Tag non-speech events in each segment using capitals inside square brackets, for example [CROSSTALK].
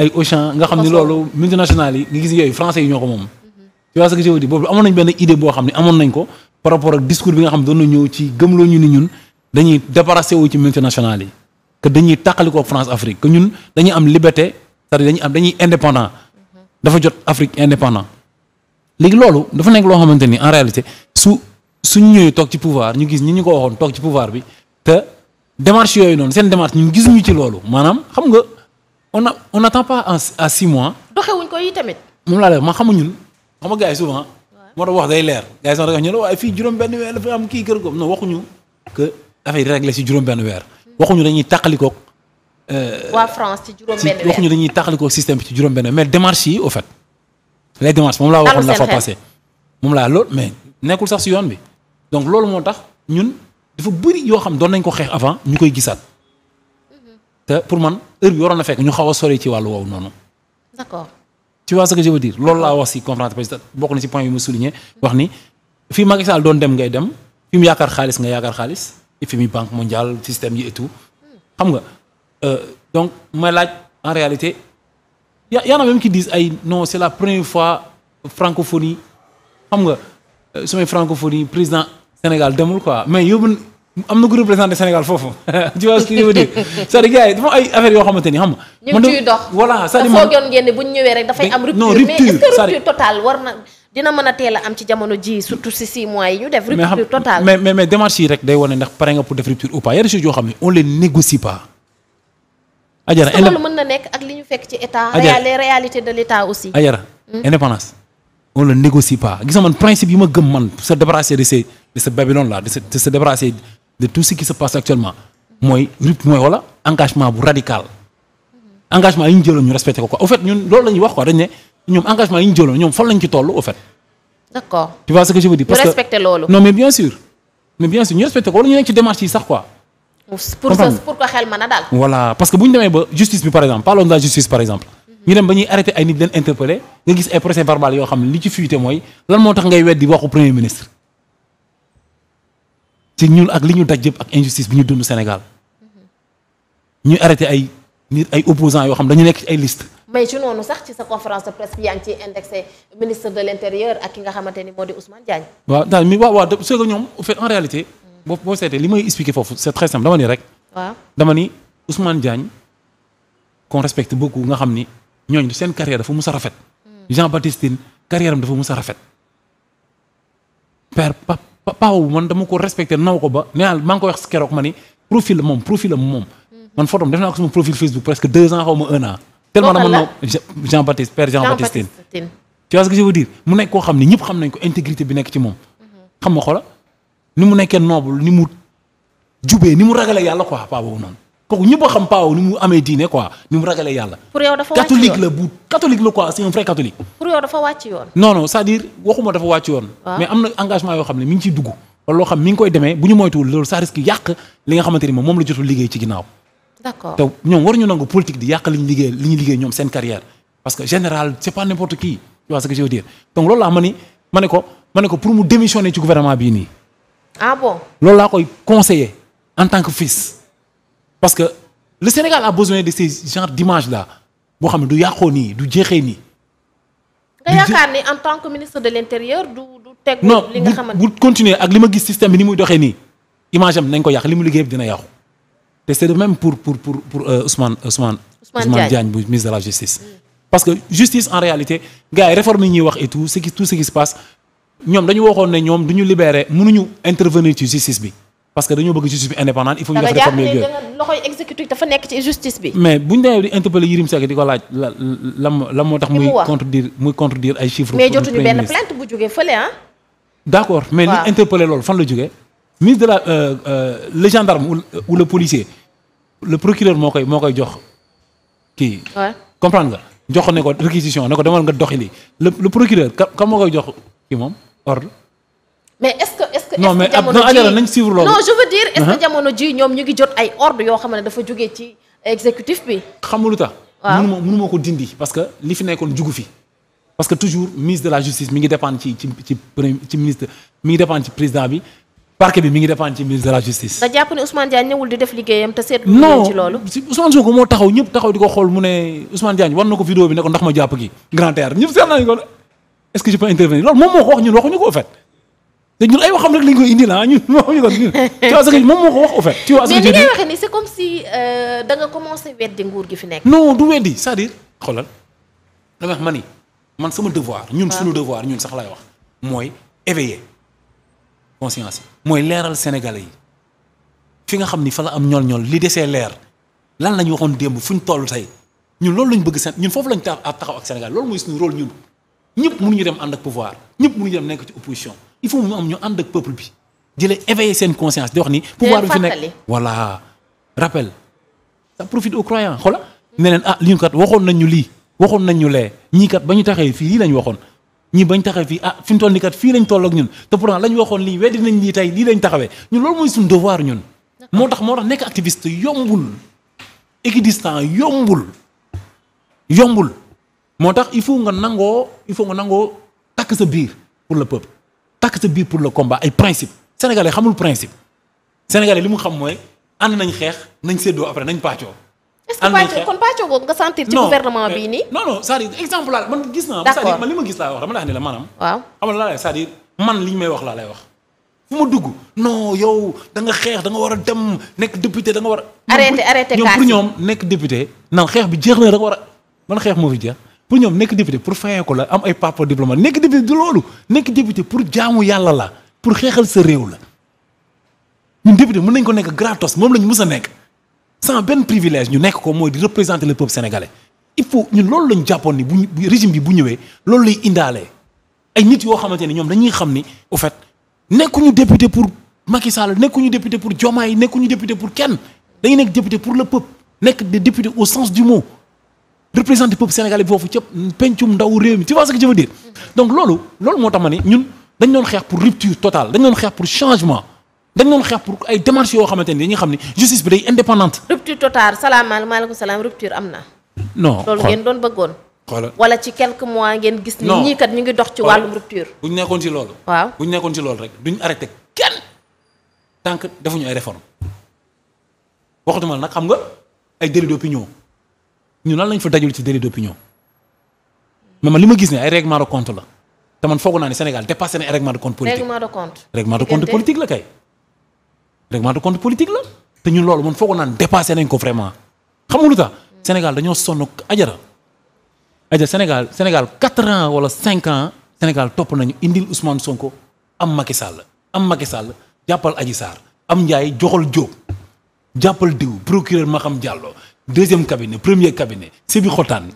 ay Auchan nga xam ne loolu multinationales yi nga gis yooyu français yi ñoo ko moom tu vois ce que je veux dire boobu amoon nañ benn idée boo xam ne amoon nañ ko par rapport ak discours bi nga xam ne doon na ñëw ci gëmloo ñu ni ñun dañuy débarrassé wu ci multinationales yi que dañuy tàqali France Afrique que ñun dañuy am liberté cest à indépendant dafa jot Afrique indépendant léegi loolu dafa nekk loo xamante ni en su suñ ñëwee toog ci pouvoir ñu gis ñi ñu ko waxoon toog ci pouvoir bi te démarche yooyu noonu seen démarche ñun gisuñu ci loolu maanaam xam on a on n'attend pas en à six mois. doxewuñ ko yi tamit. moom laa lay wax xam nga gars yi souvent. moo wax day leer gars yi sax dañuy fii juróom-benn weer dafa am kii kër googu non waxuñu que dafay réglé si juróom-benn weer. waxuñu dañuy tàqalikoog. Euh, waa France ci juróom-benn weer waxuñu dañuy tàqalikoog système bi ci juróom-benn mais démarche fait. les démarches moom laa waxoon la fois passée moom laa loolu mais nekkul sax si yoon bi donc loolu moo tax ñun dafa bëri yoo xam doon nañ ko xeex avant ñu koy gisaat te pour man heure bi waroon na fekk ñu xaw a sori ci wàllu woowu noonu. d'accord. tu vois ce que je veux dire loolu laa wax si conférence parce bokk na si point yi mu souligné wax ni fii Macky Sall doon dem ngay dem fi mu yaakaar xaalis nga yaakaar xaalis FMI banque mondiale système yi xam nga euh, donc may laaj en réalité y a y a même qui disent ay non c'est la première fois francophonie xam nga euh, sumay francophonie président Sénégal demul quoi mais yóbbu. am na ku représenté Sénégal foofu [LAUGHS] tu vois ce dafa ay affaire yoo xamante ni xam nga. ñu ngi ciy dox voilà cest à man foogoon ngeen ne ñëwee rek dafay am. rupture mais est-ce rupture totale war na dina mën a teel a am ci jamono ji surtout si 6 mois yi ñu def. rupture totale mais mais mais démarche yi rek day wane ndax pare nga pour def rupture ou pas yenn choses yoo xam ne on les négocie pas. Ajara loolu na nekk ak li ñu fekk ci état. les réalités de l'état aussi. Ajara hmm? indépendance. on le négocie pas gis nga man principe yi ma gëm man se débarrasser de ces de ce Babylone là de se de se de tout ce qui se passe actuellement mooy rup mooy wala engagement bu radical engagement yi ñu jëloon ñu respecté ko quoi au fait ñun loolu la wax quoi dañ ne ñu jëloon ko wala ñu nekk ci démarche yi sax quoi. pour ko xel mën a daal. voilà parce que bu ñu demee ba justice bi par exemple parlons de la justice par exemple. ñu dem ba ñuy arrêté ay nit leen interpellé nga gis ay procès verbal yoo xam li ci fuité mooy lan moo tax ngay weddi waxu premier ci ñun ak li ñu daj yëpp ak injustice bi ñu dund Sénégal ñuy arrêté ay nit ay opposants yoo xam dañu nekk ci ay liste mais ci noonu sax ci sa conférence de presse bi yaa ngi ciy indexé ministre de l' ak ki nga xamante ni moo di Ousmane Diagne. waaw daal mi waaw waaw c'est ñoom en réalité. boo boo seetee li may expliquer foofu c' est très dama ni rek. waaw dama ni Ousmane Diagne qu'on respecte beaucoup nga xam ni ñooñu seen carrière dafa mus a rafet. Hmm. Jean Baptiste Tine carrière am dafa mus rafet. papa boobu man dama ko respecté naw ko ba nee naa maa keroog ma ni profil la moom profil la moom. Mhm. man fotom def naa ko sama profil Facebook presque deux ans xaw ma un an. tellement dama naw Jean Baptiste père Jean Baptiste Tine. tu vois ce que mu nekk koo xam ne ñëpp xam nañ ko intégrité bi nekk ci moom. Mhm. xam nga xoola ni mu nekkee noble ni mu jubee ni mu ragale yàlla quoi papa noonu. kooku ñëpp a xam paaw ni mu amee diine quoi ni mu ragalee yàlla. pour yow dafa wàcc yoon catholique c'est un waxuma dafa wàcc yoon. Ah. mais am na engagement yoo xam ne mi ngi ciy koy demee bu ñu moytuwul loolu ça risque yàq li nga xamante ni moom moom la jotul liggéey ci ginnaaw. te ñoom waruñu nangu politique di yàq li ñu liggéey ñoom seen carrière parce que général c'est pas n'importe qui loolu laa ma ni ma ne ko pour mu démissionner ci gouvernement bii nii. Ah parce que le Sénégal a besoin de ces genre dimage là boo xam ne du yàqoo nii du jeexee nii. nga yaakaar ni en tant que ministre de l' intérieur du du teg. li nga xamante bu continuer ak li ma gis système bi ni muy doxee nii image am nañ ko yàq li mu liggéey dina yàqu. te c' de même pour pour pour pour euh, Ousmane Ousmane. Ousmane Diagne bu ministre de la justice. Mm. parce que justice en réalité gars réforme yi ñuy wax et tout ce qui tout passe ñoom dañu waxoon ne ñoom du ñu libérer mënuñu intervenir ci justice parce que dañoo bëgg justice bi indépendante il faut ñu def réforme yooyu loxoy nekk ci justice bi. mais bu ñu demee di interpeller Yirim Seck di ko laaj la moo tax. muy contredire muy contredire ay chiffres. mais jotuñu benn plainte bu jógee fële ah. d' accord mais li interpeller loolu fan la jógee. ministre de la euh, euh, le gendarme ou le policier le procureur moo koy moo koy jox kii. comprendre nga jox ne ko réquisition ne ko demal nga doxi li le procureur kan moo koy jox kii moom ordre. mais est-ce que est-ce que. non mais ab uh-huh. jamono ji ñoom ñu ngi jot ay ordre yoo xam dafa jógee ci exécutif bi. xam nga lu tax. waaw ko dindi parce que li fi nekkoon jugu fi. parce que toujours ministre de la justice mi ngi dépendre ci ci ci ci ministre mi ngi dépendre ci président bi parquet bi mi ngi dépendre ci ministre de la justice. nga jàpp ne Ousmane Diagne ñëwul di def liggéeyam te seetlu. ñu ci loolu non Ousmane Sonko moo taxaw ñëpp taxaw di ko xool mu ne Ousmane Diagne war na ko vidéo bi ne ko ndax ma jàpp gi. ñun ay xam rek lañ koy indi la ñun [LAUGHS] waxuñu moom moo ko wax au fait. Thiaw mais li ni c'est comme si euh, danga nga commencé weddi nguur gi fi nekk. non du weddi c'est-à-dire xoolal dama wax ma ni man sama devoir. ñun ah. suñu devoir ñun sax lay wax. mooy éveiller conscience yi. mooy leeral sénégalais yi fi nga xam ni fa la am ñool-ñool li desee leer lan la ñu waxoon démb fu ñu toll tey ñun loolu lañ bëgg seen ñun foofu lañ tax a taxaw ak Sénégal loolu mooy suñu rôle ñun ñëpp mënuñu dem ànd ak pouvoir ñëpp mënuñu dem nekk ci opposition. il faut mu am ñu ànd ak peuple bi jëlee éveiller seen conscience di wax ni. pouvoir bi fi nekk voilà rappel. ça profite aux croyants xoola ne ah li ñu kat waxoon nañ ñu lii waxoon nañ ñu lee ñii kat ba ñu taxee fii lii lañ waxoon ñii bañ taxee fii ah fi ñu toll nii kat fii lañ toll ak ñun te pourtant lañ waxoon lii weddi nañ lii tey lii lañ taxawee ñun loolu mooy suñu devoir ñun. moo tax moo tax nekk activiste yombul équidistant yombul yombul moo tax il faut nga nangoo il faut nga nangoo takk sa biir pour le takk sa biir pour le combat ay principe sénégalais xamul principe sénégalais li mu xam mooy ànd nañ xeex nañ séddoo après nañ pàccoo. ànd nañ xeex est ce que pàccoo kon pàccoo boobu nga sentir. ci gouvernement bii nii non non cest à exemple laa man gis naa. d'accord cest à man li ma gis laa wax dama lay wax ne la man li ñu may wax laa lay wax. fu ma dugg non yow da nga xeex danga war a dem nekk député danga war a. arrêté arrêté ñoom pour ñoom nekk député. naan xeex bi jeex na da nga war a man xeex moo fi jeex pour ñoom nekk député pour fayee ko la am ay papa diplôme nekk député du loolu nekk député pour jaamu yàlla la pour xeexal sa réew la ñun député mun nañ ko nekk gratos moom lañu mus a nekk san benn privilège ñu nekk ko mooy di représenter le peuple sénégalais il faut ñun loolu lañ jàppoon ni bu régime bi bu ñëwee loolu lay indaalee ay nit yoo xamante ne ñoom dañuy xam ni au fait nekkuñu député pour Macky Sall nekkuñu député pour Diomaye nekkuñu député pour kenn dañu nekk député pour le peuple nekk des députés au sens du représenter peuple sénégalais bi foofu ca pencum ndaw réew mi tu vois ce que donc loolu loolu moo tax ma ne ñun dañ doon xeex pour rupture totale dañ doon xeex pour changement dañ doon xeex pour ay démarches yoo xamante ne dañuy xam ne justice bi day indépendante. rupture totale salaamaaleykum salaam rupture am na. non loolu ngeen doon bëggoon. wala ci quelques mois ngeen gis. ni ñii kat ñu ngi dox ci wàllum rupture. bu ñu nekkoon ci loolu. waaw bu ñu nekkoon ci loolu rek duñ arrêté kenn tant que defuñu nag xam nga ay délits d'opinion ñu lan lañ fa dajul ci délit d'opinion mais man li ma gis ne ay règlement de compte la te man foog naa ne Sénégal dépassé na ay règlement de compte politique règlement de compte. règlement de compte politique la kay. règlement de compte politique la te ñun loolu man foog naa ne dépassé nañ ko vraiment xam nga lu Sénégal dañoo sonn ajara ajara Sénégal Sénégal quatre ans wala cinq ans Sénégal topp nañu indil Ousmane Sonko am Macky Sall am Macky Sall jàppal Adji Sarr am Ndiaye joxal Diop jàppal diw procureur xam Diallo. deuxième cabinet premier cabinet Sébikotane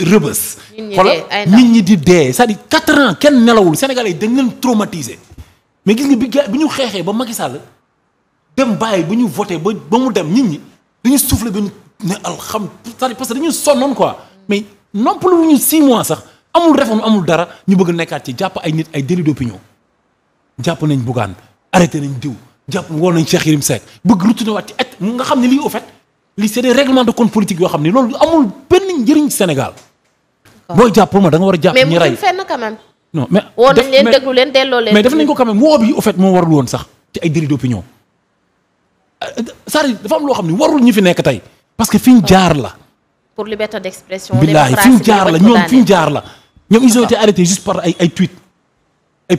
Rebeuss. xoolal nit ñi di dee c'est-à-dire ans kenn nelawul Sénégalais yi dañ leen traumatisé mais gis nga bi ga bi ñu xeexee ba Macky Sall dem bàyyi ba ñu voté ba ba mu dem nit ñi dañu soufflé ba ñu ne alxam c'est-à-dire parce que dañu sonnoon quoi mais noppalu wu ñu six mois sax amul réforme amul dara ñu bëgg nekkaat ci jàpp ay nit ay délit d'opinion jàpp nañ Bougane arrêté nañ diw jàpp woon nañ Cheikh Yérim Seck bëgg retourné waat ci et nga xam ne lii au fait li c'est des règlements de compte politique yoo xam ne loolu amul benn njëriñ Sénégal. booy jàpp ma da war a jàpp ñi rey mais fenn quand même. non mais woo nañ leen déglu leen delloo leen. mais def nañ ko quand woo bi au fait moo warul woon sax ci ay délit d'opinion. Euh, cest à dafa am loo xam ne warul ñu fi nekk tey. parce que fi ñu jaar la. pour liberté billaahi fi jaar la ñoom fi jaar la. ñoom ils ont été arrêtés juste par ay ay tweet ay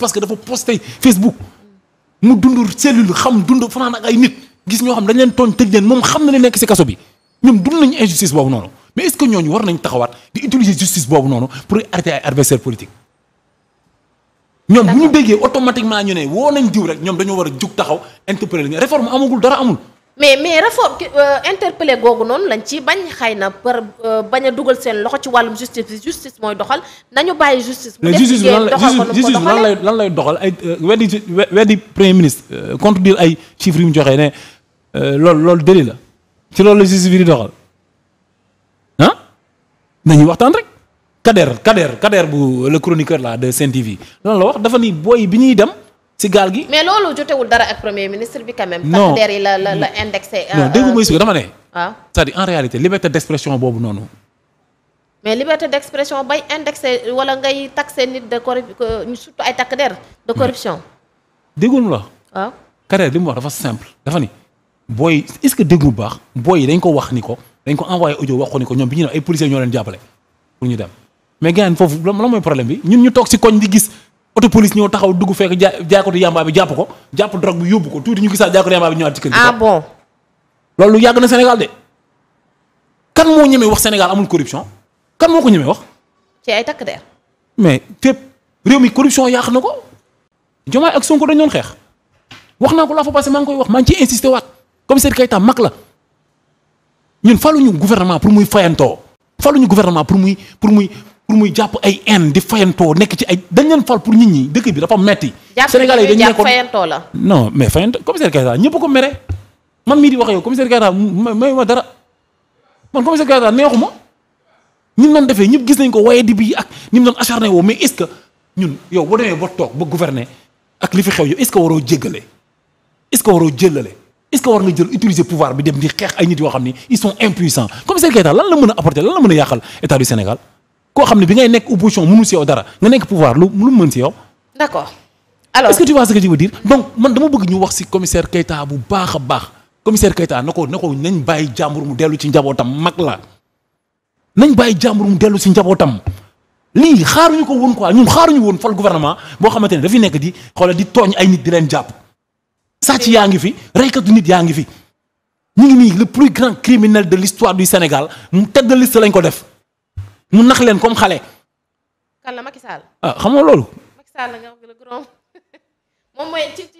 parce que dafa posté Facebook. mu dund cellule xam dund fanaan ak ay nit gis ñoo xam dañ leen tooñ tëj leen moom xam na nekk si kaso bi ñoom dund nañu injustice boobu noonu mais est-ce que ñooñu war nañ taxawaat di utiliser justice boobu noonu pour arrêter ay adversaires politiques ñoom bu ñu déggee automatiquement ñu ne woo nañ diw rek ñoom dañoo war a jug taxaw interpeller réforme amagul dara amul mais mais réforme euh, interpellé googu noonu lañ ci bañ xay na par euh, bañ a dugal seen loxo ci wàllum justice bi justice mooy doxal nañu bàyyi justice. mu def doxal lan lay lan lay doxal ay euh, weddi weddi premier ministre contredire ay chiffres yu mu joxee ne loolu loolu déli la ci loolu la justice bi di doxal nañuy waxtaan rek. Kader Kader Kader bu le chroniqueur là de Sen TV loolu la wax dafa ni booy bi ñuy dem. si gaal gi. mais loolu jotewul dara ak premier ministre bi quand même. non tax der yi la la noonu indexé. Euh, non dégg nga muy dama ne. waaw ah. cest liberté d'expression boobu noonu. mais liberté d'expression bay indexé wala ngay taxé nit de corru surtout ay takk der de corruption. déggul mu la. waaw Kader li mu wax dafa simple. dafa ni booy est-ce que dégg mu baax booy yi dañ ko wax ni ko dañ ko envoyé audio waxu ni ko ñoom bi ñu ne ay policiers ñoo leen jàppale pour ñu dem mais gars foofu lan mooy problème bi ñun ñu toog auto police ñëw taxaw dugg fekk jaa jaaykatu yamba bi jàpp ko jàpp drogue bi yóbbu ko tuuti ñu gisaa jaaykatu yamba bi ñëwaat ci kër gi. Ah bon. loolu yàgg na Sénégal de kan moo ñemee wax Sénégal amul corruption kan moo ko ñemee wax. ci ay takk der. mais fépp réew mi corruption yàq na ko. Diomaye ak Sonko dañ doon xeex wax naa ko laa fa passé maa ngi koy wax maa ngi ciy insister waat commissaire Keita mag la ñun faluñu gouvernement pour muy fayantoo faluñu gouvernement pour muy pour muy. pour muy jàpp ay haine di fayantoo nekk ci ay dañ leen fal pour nit ñi dëkk bi dafa metti Sénégalais yi dañ nekkoon fayantoo la non mais fayantoo commissaire Keita ñëpp ko mere man mii di wax yow commissaire Keita may ma dara man commissaire Keita neexu ma ñun doon defee ñëpp gis nañ ko waaye di bi ak ñi mu doon acharné woo mais est-ce que ñun yow boo demee ba toog ba gouverner ak li fi xew yow est-ce que waroo jéggale est-ce que waroo jëlale est-ce que war nga jël utiliser pouvoir bi dem di xeex ay nit yoo xam ni ils sont impuissants commissaire Keita lan la mën a apporter lan la mën a yàqal état du Sénégal koo xam ne bi ngay nekk opposition mënul si yow dara nga nekk pouvoir lu lu mën si yow. d'accord alors est-ce que donc man dama bëgg ñu wax si commissaire Keita bu baax a baax commissaire Keita na ko na ko nañ bàyyi jàmbur mu dellu ci njabootam mag la nañ bàyyi jàmbur mu dellu si njabootam. lii xaaruñu ko woon quoi ñun xaaruñu woon fal gouvernement boo xamante ne dafi nekk di xoolal di tooñ ay nit di leen jàpp sàcc yaa ngi fi reykatu nit yaa ngi fi ñu ngi nii le plus grand criminel de l'histoire mu tête de lañ ko def mu nax leen comme xale. kan la Macky Sall. ah xam nga loolu. Macky Sall nga wax le grand [LAUGHS] moom mooy